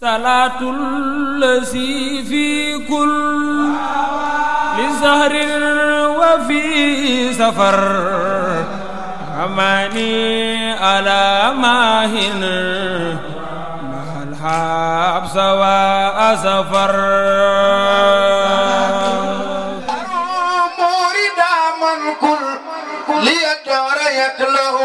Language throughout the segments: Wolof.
صلاة الذي في كل لزهر وفي سفر أماني على ماهن مع الحبس وأسفر مريد من كل ليدريت له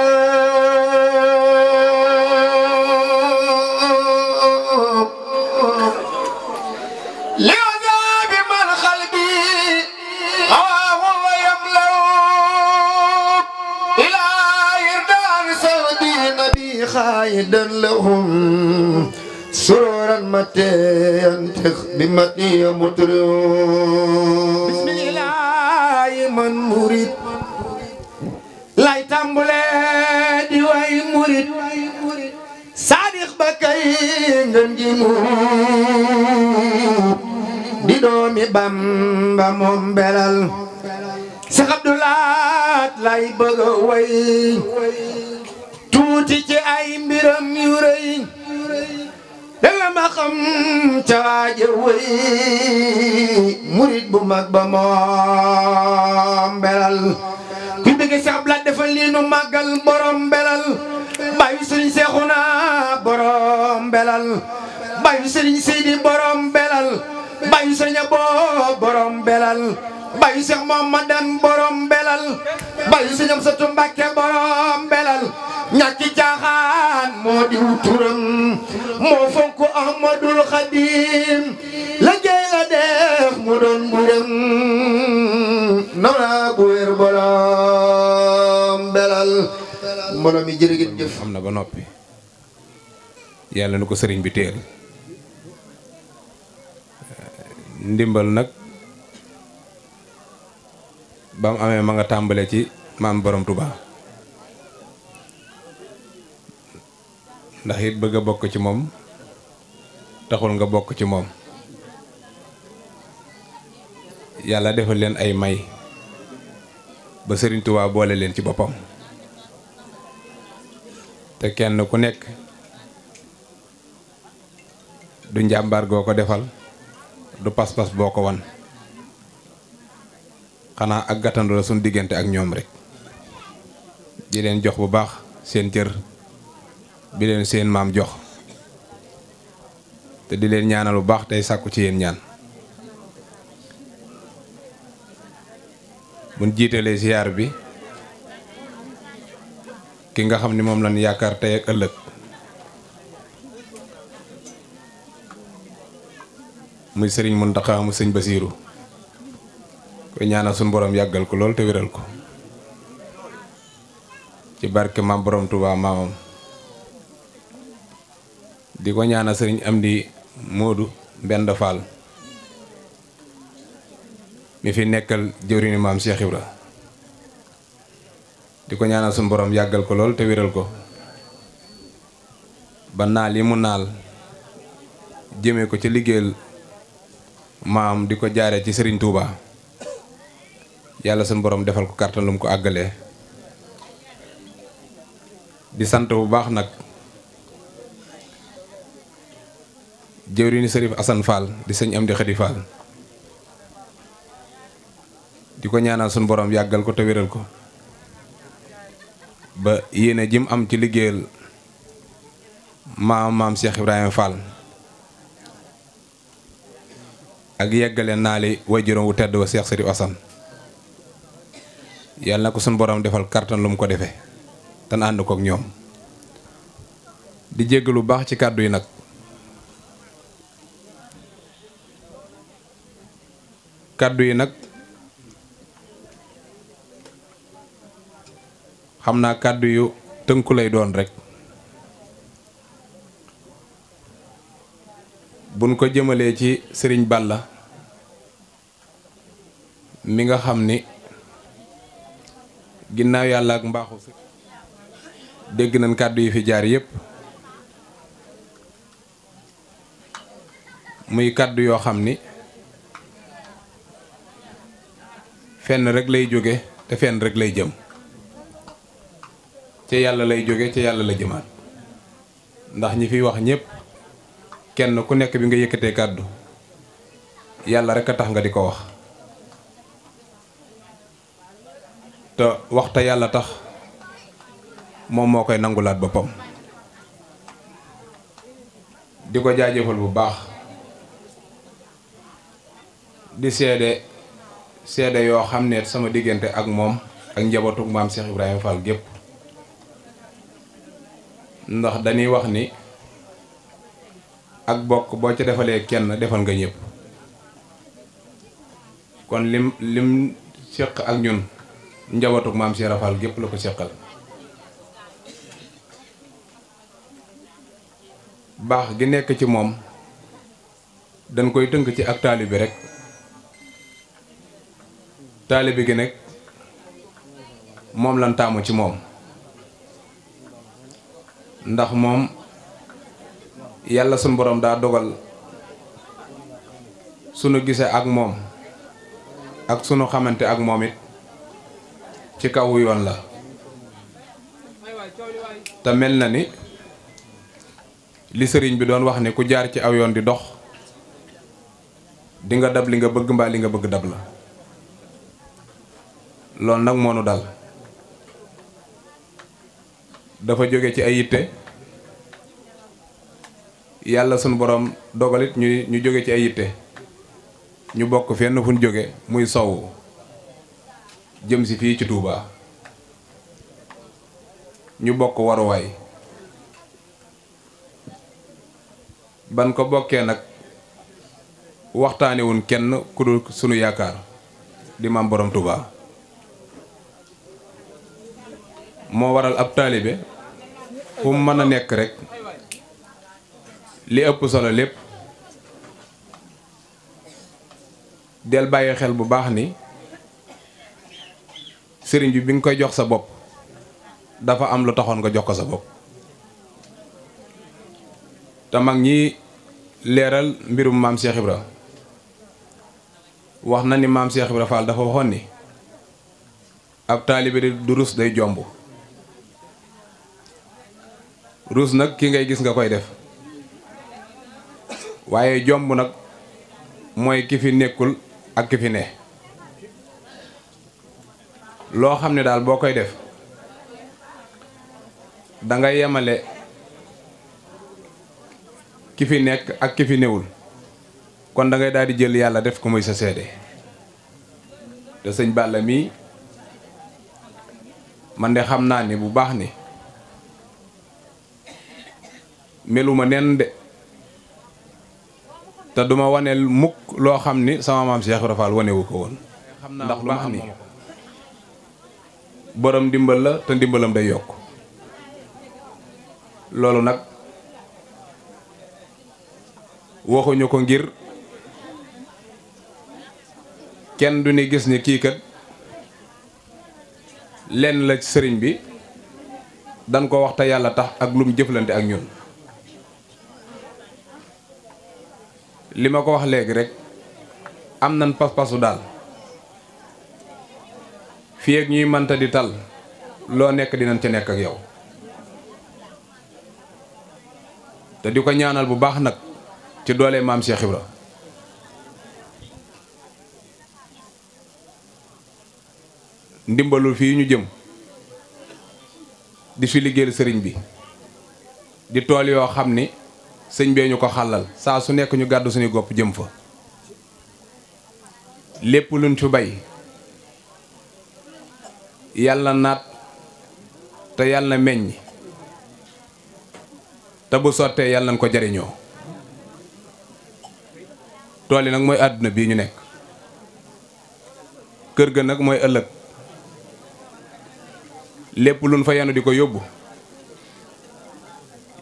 لهم سرورا متى ينتخ بمتي مطرون بسم الله من مريد لاي تامبلي دي واي مريد صادق بكاي نجي مريد دي دومي بامبا موم بلال شيخ عبد الله لاي بغا واي tuuti ci ay mbiram yu rëy yàlla ma xam ca waaja wëy murit bu mag ba moom belal ku bëgg sab la defal lii nu màggal borom belal bàyyi sëriñ Seexuna borom belal bàyyi sëriñ Seydi borom belal bàyyi sëriñ Abo borom belal bayu Cheikh Mamadan borom belal bayu si ñoom sëtu Mbàkke borom belal ñàkki caaxaan moo diw turam moo fonk Ahmadul Xadim la géey la def mu doon mburam naw naa borom belal mbooloo mi jërë ngeen jëf am na ba noppi yàlla nu ko sëriñ bi teel ndimbal nag ba mu amee ma nga tàmbalee ci maam borom Touba ndax it bëgg a bokk ci moom taxul nga bokk ci moom yàlla defal leen ay may ba Serigne Touba boole leen ci boppam te kenn ku nekk du njàmbaar goo ko defal du pas-pas boo ko wan xana ak gàttandu la suñu diggante ak ñom rek di leen jox bu baax seen jër bi leen seen maam jox te di leen ñaanal bu baax tay sakku ci yeen ñaan buñ jiitalee ziar bi ki nga xamni mom lañ ak ëlëk muy serigne muntaka mu serigne basirou koy ñaanal suñu borom yàggal ko lool te wéral ko ci barke maam borom Touba maamam di ko ñaana sëriñ am di Moodu Mbend Fall mi fi nekkal jëwriñu maam Cheikh la di ko ñaanal suñu borom yàggal ko lool te wéral ko ba naal yi mu naal jëmee ko ci liggéeyal maam di ko jaaree ci sëriñ Touba. yàlla suñu boroom defal ko kàttan lu mu ko àggale di sant bu baax nag jëwriñu sërif Assane Fall di sëñ Amdi Xadi Fall di ko ñaanal suñu boroom yàggal ko te wéral ko ba yéene jim am ci liggéeyal maam maam Cheikh Ibrahima Fall ak yeggale naali waajuram wu tedd wa Cheikh Sërif Assane yàlla na ko suñu borom defal kàttan lu mu ko defe te na ànd kook ñoom di jégg lu baax ci kàddu yi nag kàddu yi nag xam naa kàddu yu tënku lay doon rekk buñ ko jëmalee ci sëriñ la mi nga xam ni ginnaaw yàlla ak mbaaxu si dégg nañ kàddu yi fi jaar yépp muy kàddu yoo xam ni fenn rek lay jóge te fenn rek lay jëm ca yàlla lay jóge ca yàlla la jëmaat ndax ñi fi wax ñépp kenn ku nekk bi nga yëkkatee kàddu yàlla rekk a tax nga di ko wax te waxta yàlla tax moom moo koy nangulaat boppam di ko jaajëfal bu baax di seede seede yoo xam ne sama diggante ak moom ak njabootu maam Cheikh Ibrahima Fall gépp ndax dañuy wax ni ak bokk boo ca defalee kenn defal nga ñëpp kon lim lim séq ak ñun njabootuk maam Cheikh Rafal gépp la ko seqal baax gi nekk ci moom dañ koy tënk ci ak taalibe rek taalibi gi nag moom lan taamu ci moom ndax moom yàlla sunu borom daa dogal sunu gisee ak moom ak sunu xamante ak moomit ci kaw yoon la te mel na ni li sëriñ bi doon wax ne ku jaar ci aw yoon di dox dinga nga dab li nga bëgg mbaa li nga bëgg dab la loolu nag moo nu dal dafa jóge ci ay yitte yàlla sunu boroom dogalit ñuy ñu jóge ci ay yitte ñu bokk fenn fu ñu jóge muy sowwu jëm si fii ci Touba ñu bokk waruwaay ban ko bokkee nag waxtaane kenn ku dul sunu yaakaar di maam borom Touba moo waral ab taalibe fu mu mën a nekk rekk li ëpp solo lépp del bàyyi xel bu baax ni sëriñ bi bi nga koy jox sa bopp dafa am lu taxoon nga jox ko sa bopp te mag ñi leeral mbirum maam Cheikh Ibra wax na ni maam Cheikh Ibra Fall dafa waxoon ni ab taalibe du rus day jomb rus nag ki ngay gis nga koy def waaye jomb nag mooy ki fi nekkul ak ki fi ne loo xam ne daal boo koy def da yemale ki fi nekk ak ki fi newul kon dangay daal di jël yàlla def ko muy sa seede te sëñ Balla mii man de xam naa ni bu baax ni meluma nen de te duma waneel mukk loo xam ni sama maam Cheikh Ibra Fall wanewu ko woon ndax lu ma boroom ndimbal la te ndimbalam day yokk loolu nag waxuñu ko ngir kenn du ni gis ni kii kat lenn la sëriñ bi dañ ko wax te yàlla tax ak lum jëflante ak ñun li ma ko wax léegi rekk am nan pas-pasu daal fii ñuy mënta di tal loo nekk dinañ ca nekk ak yow te di ko ñaanal bu baax nag ci doole maam Cheikh Ibra ndimbalul fii ñu jëm di fi liggéeyal sëriñ bi di tool yoo xam ni sëñ bee ñu ko xàllal saa su nekk ñu gàddu suñu gopp jëm fa lépp luñ fi bay yàlla naat te yàlla meññ te bu sottee yàlla nañ ko jariñoo tool yi nag mooy àdduna bii ñu nekk kër ga nag mooy ëllëg lépp luñ fa yanu di ko yóbbu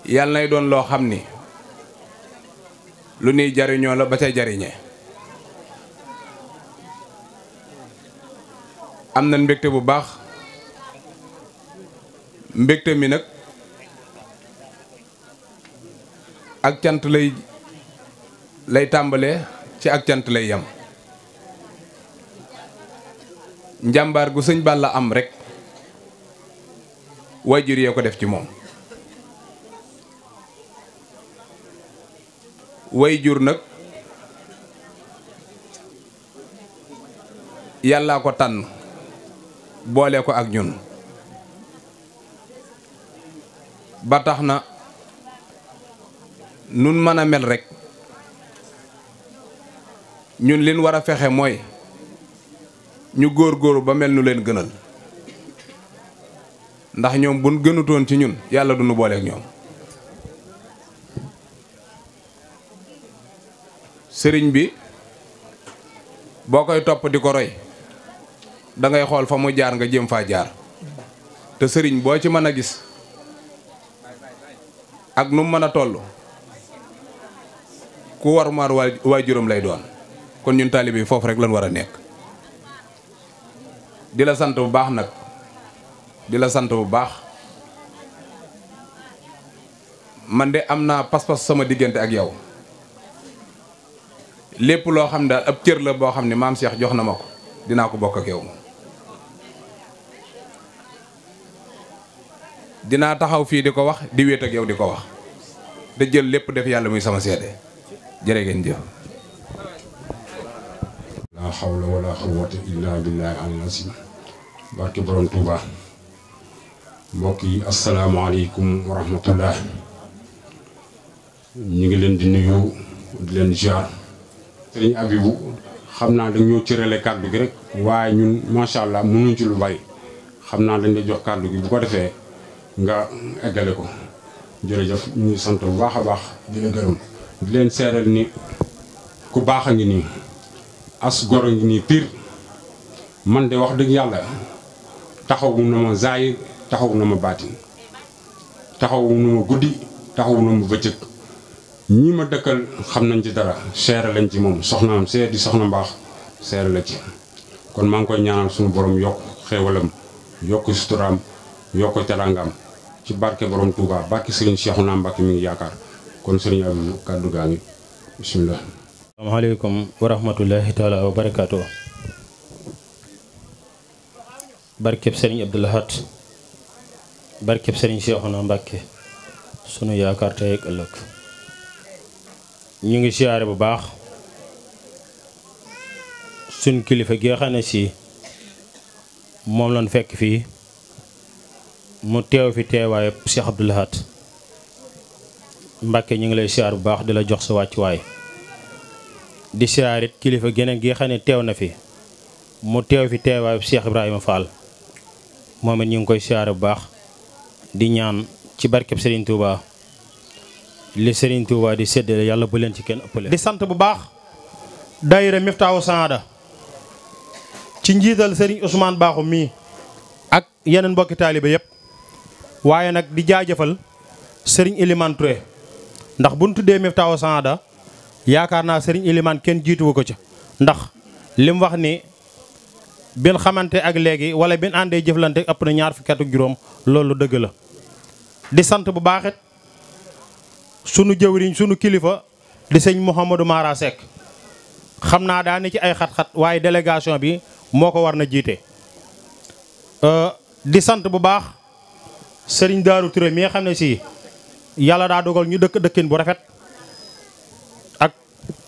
yàlla nay doon loo xam ni lu nuy jariñoo la ba ca jariñe am bu baax mbégte mi nag ak cant lay lay tàmbalee ci ak cant lay yam njàmbaar gu sëñ Balla am rek waajur yee ko def ci moom waajur nag yàllaa ko tànn boole ko ak ñun ba tax na nun mën a mel rek ñun liñ war a fexe mooy ñu góor góorgóorlu ba mel nu leen gënal ndax ñoom buñ gënutoon ci ñun yàlla du nu booleeg ñoom sëriñ bi boo koy topp di ko roy da ngay xool fa mu jaar nga jëm faa jaar te sëriñ boo ci mën a gis ak nu mën a tollu ku war waa juróom lay doon kon ñun taalibe yi foofu rek lañ war a nekk di la sant bu baax nag di la sant bu baax man de am naa pas-pas sama diggante ak yow lépp loo xam ne daal ab cër la boo xam ne maam Cheikh jox na ma ko dinaa ko bokk ak yow dinaa taxaw fii di ko wax di wéet ak di ko wax da jël lépp def yàlla muy sama seede jërë ngeen jëf laa xawla wala quwwata illa billahi al-azim barke borom Tuuba mbokk yi asalaamaaleykum wa rahmatullah ñu ngi leen di nuyu di leen jaar sëriñ Abibu xam naa dañ ñoo cërale kàddu gi rek waaye ñun macha allah mënuñ ci lu bari xam naa dañ la jox kàddu gi bu ko defee nga égalé ko jëf ñu sant bu baaxa baax di la gërum di leen seeral ni ku baax ngi nii as gor ngi nii pir man de wax dëgg yalla taxaw na ma zaay taxaw na ma baatin taxawu na ma guddi taxawu na ma ñi ma dëkkal xam nañ ci dara seere lañ ci moom soxnaam seer di soxna baax seere la ci kon ma ngi koy ñaanal suñu borom yok xéewalam yok suturam yok telangam ci barke borom Touba barke Serigne Cheikhouna Mbacké mi ngi yaakaar kon Serigne Abdou kàddu gaa barkeb Serigne Abdou Lahad barkeb sunu yaakaar tey ak ëllëg. ñu ngi siyaare bu baax suñ kilifa gi nga si moom lañ fekk fii. mu teew fi teewaayu Cheikh Abdoul Ahad Mbàkke ñu ngi lay siyaar bu baax di la jox sa wàccuwaay di siyaarit kilifa geneen gi xam teew na fi mu teew fi teewaayu Cheikh Ibrahima Fall moom it ñu ngi koy siyaare bu baax di ñaan ci barkeb Serigne Touba li Serigne Touba di séddale yàlla bu leen ci kenn ëppale. di sant bu baax daayira Miftaahu Saada ci njiital Serigne Ousmane Baaxum mii ak yeneen mbokki taaliba yépp waaye nag di jaajëfal sëriñ Elimane Touré ndax bu ñu tuddee Miftaahou Saada yaakaar naa sëriñ Elimane kenn jiituwu ko ca ndax li mu wax ni bin xamante ak léegi wala bin àndee jëflante ëpp na ñaar fukki at juróom loolu dëgg la di sant bu baaxit sunu jëwriñ sunu kilifa di sëñ Mouhamadou Mara Seck xam naa daa ni ci ay xat-xat waaye délégation bi moo ko war na jiite euh, di sant bu baax sëriñ Daaru Touré mi nga xam si yàlla daa dogal ñu dëkk dëkkin bu rafet ak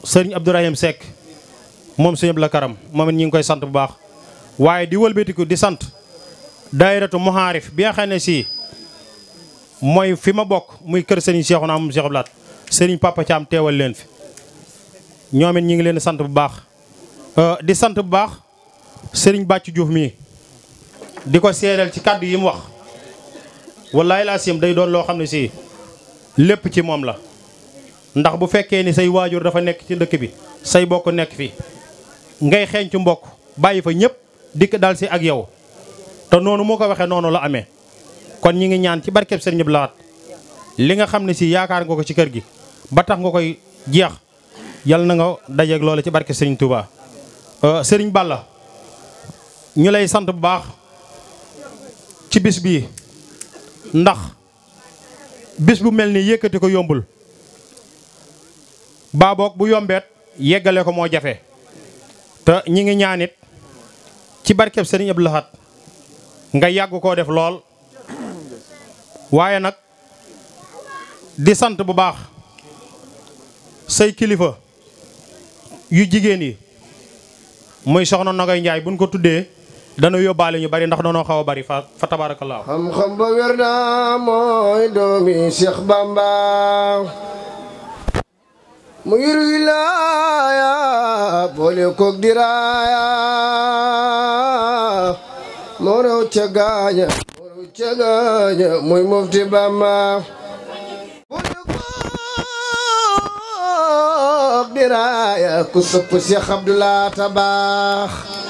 sëriñ Abdourahim Seck moom sëñ la karam moom it ñu ngi koy sant bu baax waaye di wëlbatiku di sant daayiratu muhaarif bi nga xam ne si mooy fi ma bokk muy kër sëriñ naa moom Cheikh Abdoulaat sëriñ Papa Thiam teewal leen fi ñoomit it ñu ngi leen sant bu baax di sant bu baax sëriñ Bàcc juuf mii di ko seedeel ci kàddu yi wax wallaay laa sim day doon loo xam ne si lépp ci moom la ndax bu fekkee ni say waajur dafa nekk ci dëkk bi say bokk nekk fi ngay xeeñ ci mbokk bàyyi fa ñëpp dikk dal si ak yow te noonu moo ko waxee noonu la amee kon ñi ngi ñaan ci barkeb Sëriñ Abdou li nga xam ne si yaakaar nga ko ci kër gi ba tax nga koy jeex yal na nga dajeeg loola ci barkeb Sëriñ Touba euh, Sëriñ la ñu lay sant bu baax ci bis bii ndax bis bu mel ni yëkkati ko yombul baaboog bu yombeet yeggale ko moo jafe te ñi ngi ñaanit ci barkeb sëriñ Abdou Lahad nga yàgg koo def lool waaye nag di sant bu baax say kilifa yu jigéen yi muy soxna Nogay Njaay buñ ko tuddee dañu yobale ñu bari ndax doonoo xawa bari fa fa tabaarakallaahu xam-xam ba werna moy domi Cheikh Bamba mu ngir wilaaya ko koog diraaya moo raw ca gaaña moo raw ca gaaña muy mufti Bamba ko diraaya ku sopp Cheikh abdullah tabakh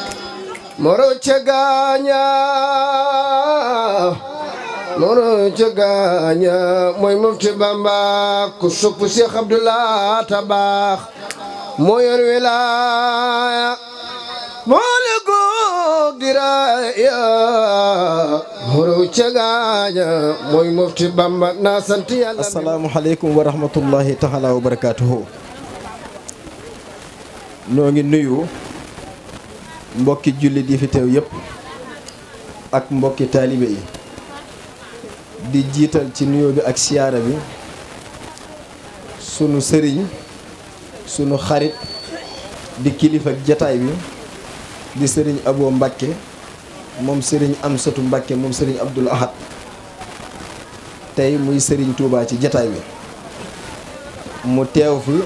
moro cegaaña moro cegaaña mooy mufti Bamba ku sopp Cheikh Abdoulaye ta moo yor wilaaya moo le góog diraaya moro cegaaña mooy mufti Bamba naa sant yàlla asalaamu wa rahmatullahi taala wa barakaatuhu noo ngi nuyu mbokki jullit yi fi teew yépp ak mbokki taalibe yi di jiital ci nuyoo bi ak siyaara bi sunu sëriñ sunu xarit di kilifa jataay bi di sëriñ Abo Mbàkke moom sëriñ Amsatu Mbàkke moom sëriñ Abdul Ahad tey muy sëriñ Touba ci jataay bi mu teew fi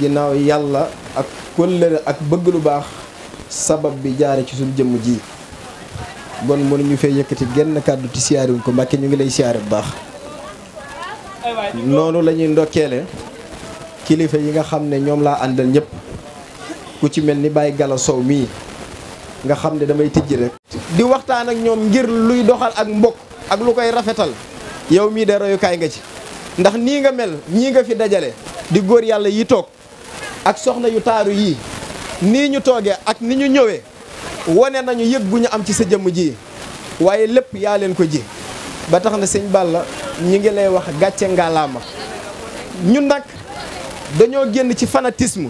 ginnaaw yàlla ak kóllëre ak bëgg lu baax sabab bi jaare ci suñ jëmm ji bon mënuñu fee yëkkati genn kàddu ci siyaare ko Mbàkke ñu ngi lay siyaare bu baax noonu lañuy ñuy ndokkeele kilifa yi nga xam ne ñoom laa àndal ñëpp ku ci mel ni Baye Gala soow mii nga xam ne damay tijji rek di waxtaan ak ñoom ngir luy doxal ak mbokk ak lu koy rafetal yow mii de royukaay nga ci ndax nii nga mel ñii nga fi dajale di góor yàlla yi toog ak soxna yu taaru yii nii ñu toogee ak ni ñu ñëwee wone nañu yëg gu ñu am ci sa jëmm ji waaye lépp yaa leen ko ji ba tax na sëñ Balla ñu ngi lay wax gàcce ngalaama ñun nag dañoo génn ci fanatisme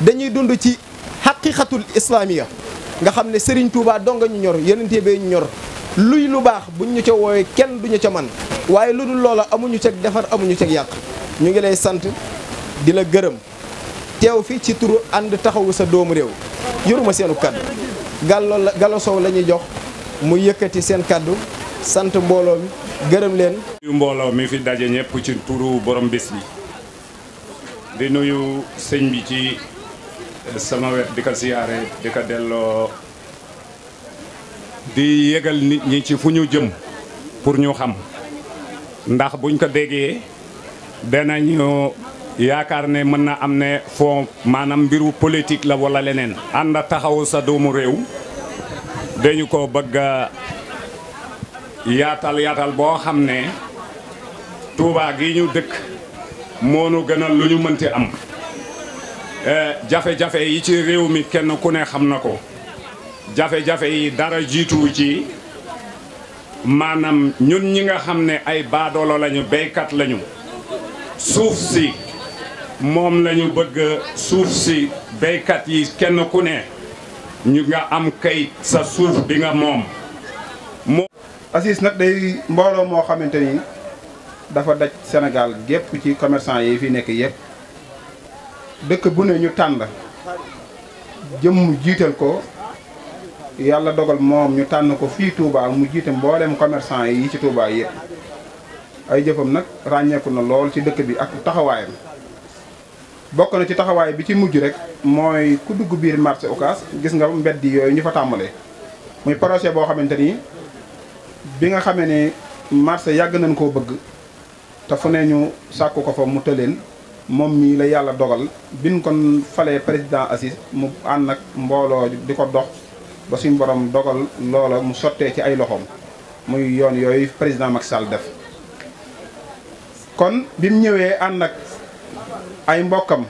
dañuy dund ci xaqiqatul islaamiya nga xam ne Serigne Touba dong ñu ñor yenente bee ñu ñor luy lu baax buñ ñu ca woowee kenn duñu ca man waaye lu dul loola amuñu ceg defar amuñu ceg yàq ñu ngi lay sant di la gërëm teew fi ci turu and taxawu sa doomu rew yoruma senu kaddu gàllo la so lañu jox mu yëkëti sen kaddu sant mbolo mi gërëm leen nuyu mi fi dajje ñepp ci turu borom bes bi di nuyu señ bi ci eh, sama wet di ko siyaare di ko delloo di yegal nit ñi ci fuñu jëm pour ñu xam ndax buñ ko dana ñu yaakaar ne mën na am ne foo maanaam mbiru politique la wala leneen ànd taxawu sa doomu réew dañu ko bëgg yaatal yaatal boo xam ne Touba gi ñu dëkk moonu gënal lu ñu mënti am eh, jafe-jafe yi ci réew mi kenn ku ne xam na ko jafe-jafe yi dara jiituwu ci maanam ñun ñi nga xam ne ay baadoolo lañu béykat lañu suuf si moom lañu bëgg suuf si baykat yi kenn ku ne ñu nga am kayit sa suuf bi nga moom moo nag day mbooloo moo xamante ni dafa daj senegal gépp ci commerçant yi fi nekk yëpp dëkk bu ne ñu tànn jëm jiital ko yàlla dogal moom ñu tànn ko fii Touba mu jiite mbooleem commerçant yi ci Touba yëpp ay jëfam nag ràññeeku na lool ci dëkk bi ak taxawaayam bokk na ci taxaway bi ci mujj rek moy ku dugg biir marché Ocass gis nga mbedd yoy ñu fa tambalé muy projet bo xamanteni bi nga xamé né marché yag nañ ko bëgg ta fu ne ñu ko fa mu teleen mom mi la yalla dogal bin kon falé président Assis mu and nak mbolo diko dox ba suñ borom dogal loola mu sottee ci ay loxom muy yoon yoy président Macky Sall def kon bim ñëwé and nak ay mbokkam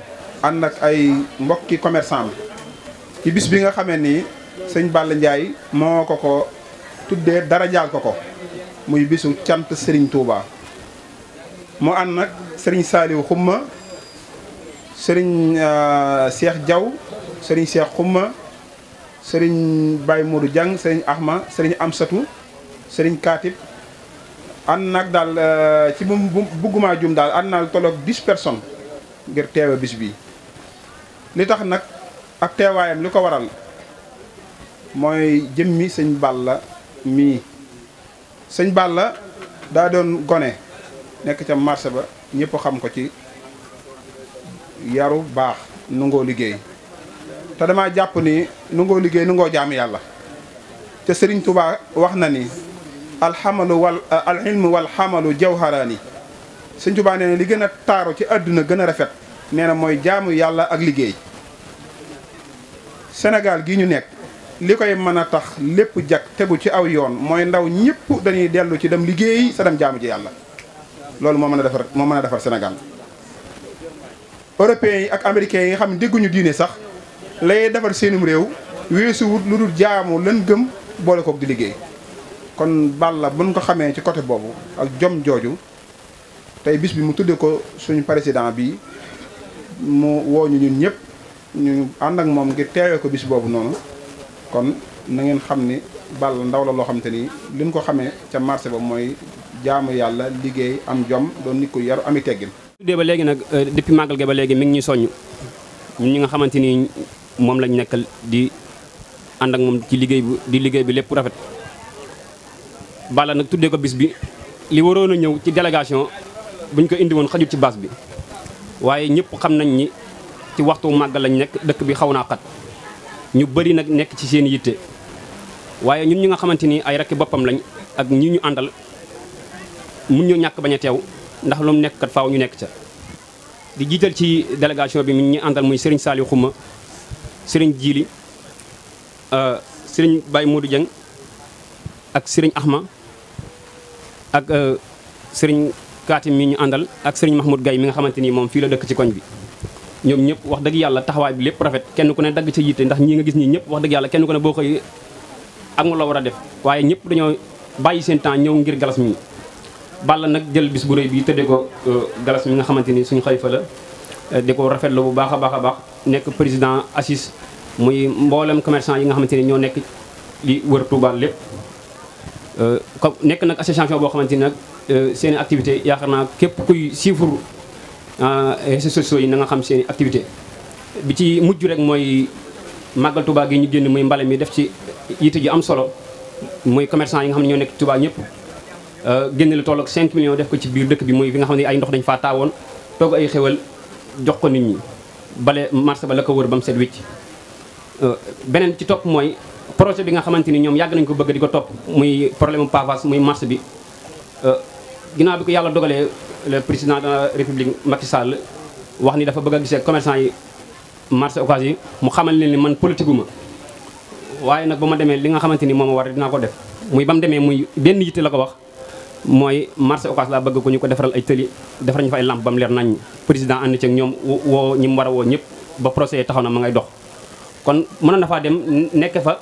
ànd ak ay mbokki commerçant ci bis bi nga xamee ni sëñ Balla Ndiaye moo ko ko tuddee dara jaal ko ko muy bisu cant sëriñ Touba mu ànd nag Serigne Saliou Xumma Serigne euh, Cheikh Diaw Serigne Cheikh Xumma Serigne Baye Modou Diang Serigne Ahma Serigne Amsatou Serigne Katib ànd nag daal euh, ci bu buggumaa jum daal ànd naa lu tolloog dix personnes ngir teewe bis bi li tax nag ak teewaayam li ko waral mooy jëmmi sëñ Balla mii sëñ la daa doon gone nekk ca marché ba ñëpp xam ko ci yaru baax nungoo liggéey te dama jàpp ni nungoo liggéey nungoo jaam yàlla te sëriñ Touba wax na ni alxamalu wal eh, alilmu wal xamalu jawharaani sëñ Tuubaa nee na li gën a taaru ci àdduna gën a rafet nee na mooy jaamu yàlla ak liggéey senegal gi ñu nekk li koy mën a tax lépp jag tegu ci aw yoon mooy ndaw ñëpp dañuy dellu ci dem liggéey sa dem jaamu ci yàlla loolu moo mën a defar moo mën a defar yi ak américains yi nga xam ne dégguñu diine sax lay defar seenum réew weesuwut lu dul jaamu lan gëm boole kook di liggéey kon Balla buñ ko xamee ci côté boobu ak jom jooju tey bis bi mu tuddee ko suñu président bi mu woo ñu ñun ñëpp ñu ànd ak moom ngir teewee ko bis boobu noonu kon na ngeen xam ni Balla ndaw la loo xam te ni liñ ko xamee ca marché ba mooy jaamu yàlla liggéey am jom doon nit ku yaru ami teggin. tuddee ba léegi nag euh, depuis màggal ge ba léegi mi ngi ñuy soññ ñun ñi nga xamante ni moom lañ nekkal di ànd ak moom ci liggéey bi di liggéey bi lépp rafet. Balla nag tuddee ko bis bi li waroon a ñëw ci délégation buñ ko indi woon xajut ci baas bi waaye ñëpp xam nañ ni ci waxtu màggal lañ nekk dëkk bi xaw naa xat ñu bari nag nekk ci seen yitte waaye ñun ñi nga xamante ni ay rakki boppam lañ ak ñi ñu àndal mun ñu ñàkk bañ a teew ndax lu mu nekk kat faaw ñu nekk ca. di jiital ci délégation bi ñu àndal muy Serigne Saliou Xuma Serigne Djili euh, Serigne bay Modou Dieng ak sëriñ axma ak euh, sëriñ Kaatim mi ñu àndal ak sëriñ Mahmoud gay mi nga xamante ni moom fii la dëkk ci koñ bi ñoom ñëpp wax dëgg yàlla taxawaay bi lépp rafet kenn ku ne dagg ci yitte ndax ñi nga gis ñi ñëpp wax dëgg yàlla kenn ku ne boo koy ak mu la war a def waaye ñëpp dañoo bàyyi seen temps ñëw ngir galas mi Balla nag jël bis bu rëy bi tëddee ko euh, galas mi nga xamante ni suñu fa la euh, di ko rafetlu bu baax a baax a baax nekk président assis muy mboolem commerçant yi nga xamante ni ñoo nekk li wër Touba lépp Euh, comme nekk nag association boo xamante nag euh, seen i yaakaar naa képp kuy suivre ah, réseaux yi na nga xam seen activité bi ci mujj rek mooy màggal Touba gi ñu génn muy mbale mi def ci yitte ji am solo muy commerçant yi xam ne ñoo nekk Touba ñëpp euh, génn lu tool ak 5 millions def ko ci biir dëkk bi muy bi nga xam ne ay ndox dañ faataawoon taawoon toog ay xewal jox ko nit ñi bale marché ba la ko wër ba mu set wicc beneen ci topp mooy projet bi nga xamanteni ñom yag nañ ko bëgg di top muy problème mu muy marché bi euh, ginnaaw bi ko yalla dogalé le président de la république Macky Sall wax ni dafa bëgg gisé gisee commerçant yi marché occasion mu xamal leen ni man politique ma waaye nag ba li nga xamanteni moma war dina ko def muy bam démé muy benn yitté la ko wax moy marché occasion la bëgg ko ñuko défaral ay tëli défar ñu fa ay lampe bam leer nañ président and ci ak ñom wo ñim wara wo ñep ba procès taxaw na ma ngay dox kon mëna na fa dem nekk fa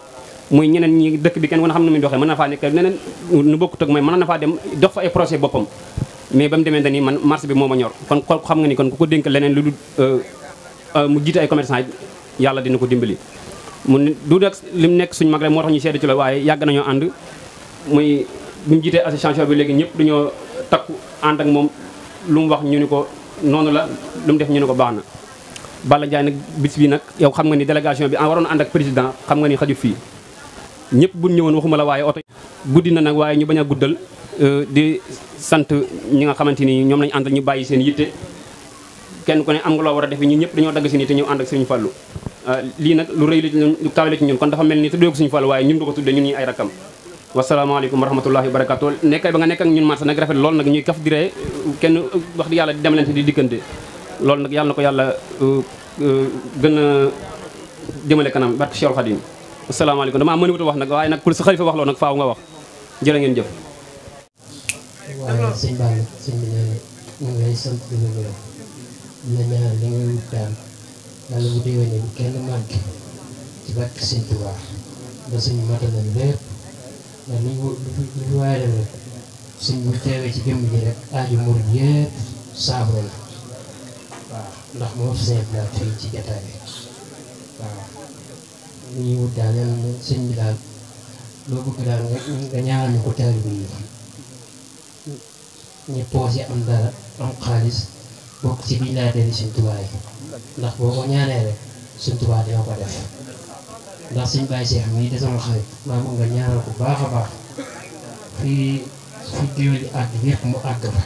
muy ñeneen ñi dëkk bi kenn wona xam na muy doxee mëna fa nek neneen nu bokku tok may mëna na fa dem dox fa ay projet bopam mais bam démé demee man marché bi moma ñor kon ko xam nga ni kon ku ko dénk leneen lu euh, euh mu jitté ay commerçant yalla dina ko dimbali mu du nag lim nek suñu mag rek mo tax ñu sédd ci la waye yag nañu and muy bu mu jiitee association bi légui ñëpp dañu takku and ak mom lu mu wax ñu ni ko nonu la lu mu def ñu ni ko baxna Balla Ndiaye nag bis bi nak yow xam nga ni délégation bi ah, waron and ak président xam nga ni xaju fi ñëpp bu ñëwoon waxuma la waaye oto guddi na nag waaye ñu bañ a guddal euh, di sant ñi nga xamante ni ñoom lañu àndal ñu bàyyi seen yitte kenn ku ne am nga loo war a defe ñun ñëpp dañoo dagg seen yitte ñëw ànd ak Serigne Fallou euh, lii nag lu rëy la lu kawe ci ñun kon dafa mel ni tuddee ko Serigne Fallou waaye ñun du ko tuddee ñu ñi ay rakkam wasalaamaaleykum wa rahmatullahi wa barakatu nekkay ba nga nekk ak ñun man sax nag rafet loolu nag ñuy kaf di ree kenn wax di yàlla di demlante di dikkante loolu nag yàlla ko yàlla euh, a jëmale kanam barke Cheikh asalaamaaleykum damaa mënut a wax nag waaye nag pour sa xalifa wax loolu nag faaw nga wax jërë ngeen jëf. waaye sëñ Balla sëñ bi nee na ñu ngi lay sant di wut daal yàlla bu déwénee bu kenn manqué ci barke sëñ ba sëñ matana lépp ndax ni ñu ni ñu waaye rek sëñ bu ci jëmm ji rek aaju mur yëpp saafara la ndax moo fi sëñ Abdoulaye fii ci jataay bi waaw. lu ñuy wut daal loo bëgg daal nga ñaanal ñu ko taalibe yi ñu poose am dara am xaalis bokk ci biir laa deri sëñ Tuubaa yi ndax boo ko ñaanee rek sëñ ko def ndax sëñ Baye Cheikh mii de sama xarit maa moom nga ñaanal ko baax a baax fii fi géwél yi àgg mu àgg fa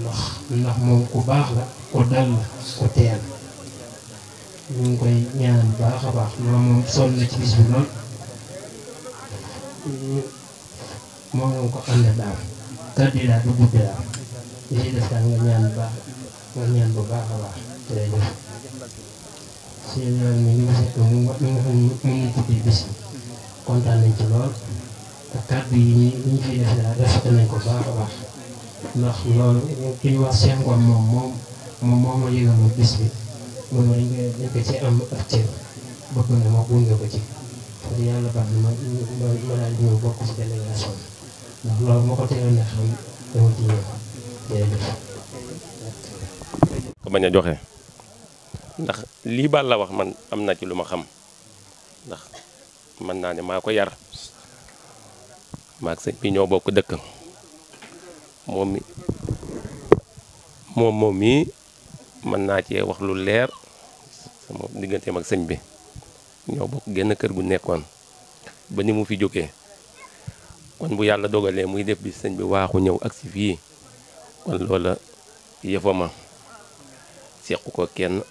ndax ndax moom ku baax la ku dal la ku teel ñu ngi koy ñaanal bu baax a baax moom moom sonn na ci bis bi lool moo ngi ko ànd daaw kàddu yi daal du gudd daal li ci des daal nga ñaan bu baax nga ñaan bu baax a baax jërëjëf seen yoon mi ñu ngi seetlu ñu nga xam ne ñu ngi tuddee bis bi kontaan nañ ci lool te kàddu yi ñu ñu ngi fiy def daal rafet nañ ko baax a baax ndax loolu ki ñu wax seen ngoon moom moom moom moo ma yëgal bis bi. mooy nga nekk ci am ak cër bëgg na ma ko ci te moo ko teeloon ne xam dama ci ñëw ko bañ a joxe ndax lii baal la wax man am na ci lu ma xam ndax mën naa ne maa ko yar maa ak sëñ bi ñoo bokk dëkk moom mi moom moom mii. man naa cee wax lu leer sama digganteem ak sëñ bi ñoo bokk genn kër gu nekkoon ba ni mu fi jógee kon bu yàlla dogalee muy def bi sëñ bi waaxu ñëw ak si fii kon loola yëfama seq ko kenn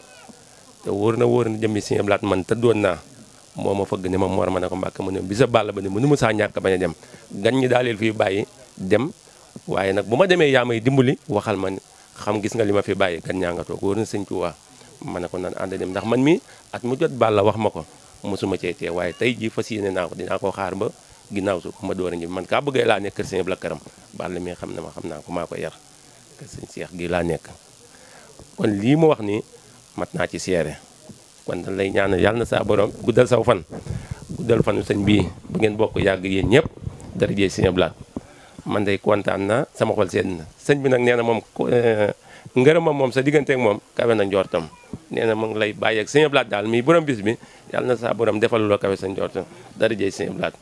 te wóor na wóor na jëmmi sëñ Ablaat man tëddoon naa moo ma fëgg ne ma mor ma ne ko mbàkk ma ne bi sa bàll ba ne mënu ma saa ñàkk bañ a dem gan ñi daaleel fii bàyyi dem waaye nag bu ma demee yaa may dimbali waxal ma xam gis nga lima ma fi baye kan ñàngatoo ko wër na sëñ Tuubaa ko nan ànd dem ndax man mi at mu jot Balla wax mako musuma ci cee waye tay ji fasiyene fas yéene ko dinaa ko xaar ba ginaaw su ko ma doore a man ka bëggee la nek kër bla Karam Balla mi xam na ma xam na ko mako yar ke sëñ cheikh gi la nek kon li mu wax ni mat ci séré kon dañ lay ñaanal yalla na borom guddal saw fan guddal fan sëñ bi bu ngeen bokk yeen ñep dara darajee sëñ bla man dey kontaan na sama xol sedd na sëñ bi nag nee na moom eh, ngërëmam moom sa digganteeg moom kawe na njortam nee na mu ngi lay bàyyi ak sëñ Blaat daal mii borom bis bi yàlla na saa borom defal loo kawe sa njortam dara jëy sëñ Blaat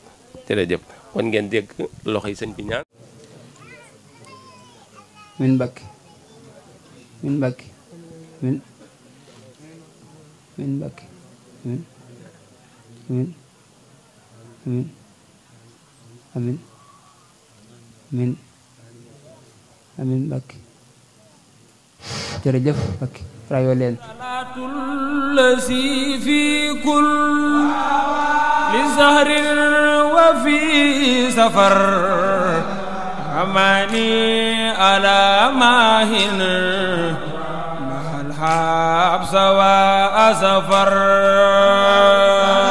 jërëjëf kon ngeen dégg loxo yi sëñ bi ñaan min mbakki min mbakki min min mbakki min amin من من بك ترجف بك رأي leen الذي في كل لزهر وفي سفر أماني على ماهن مع الحبس وأسفر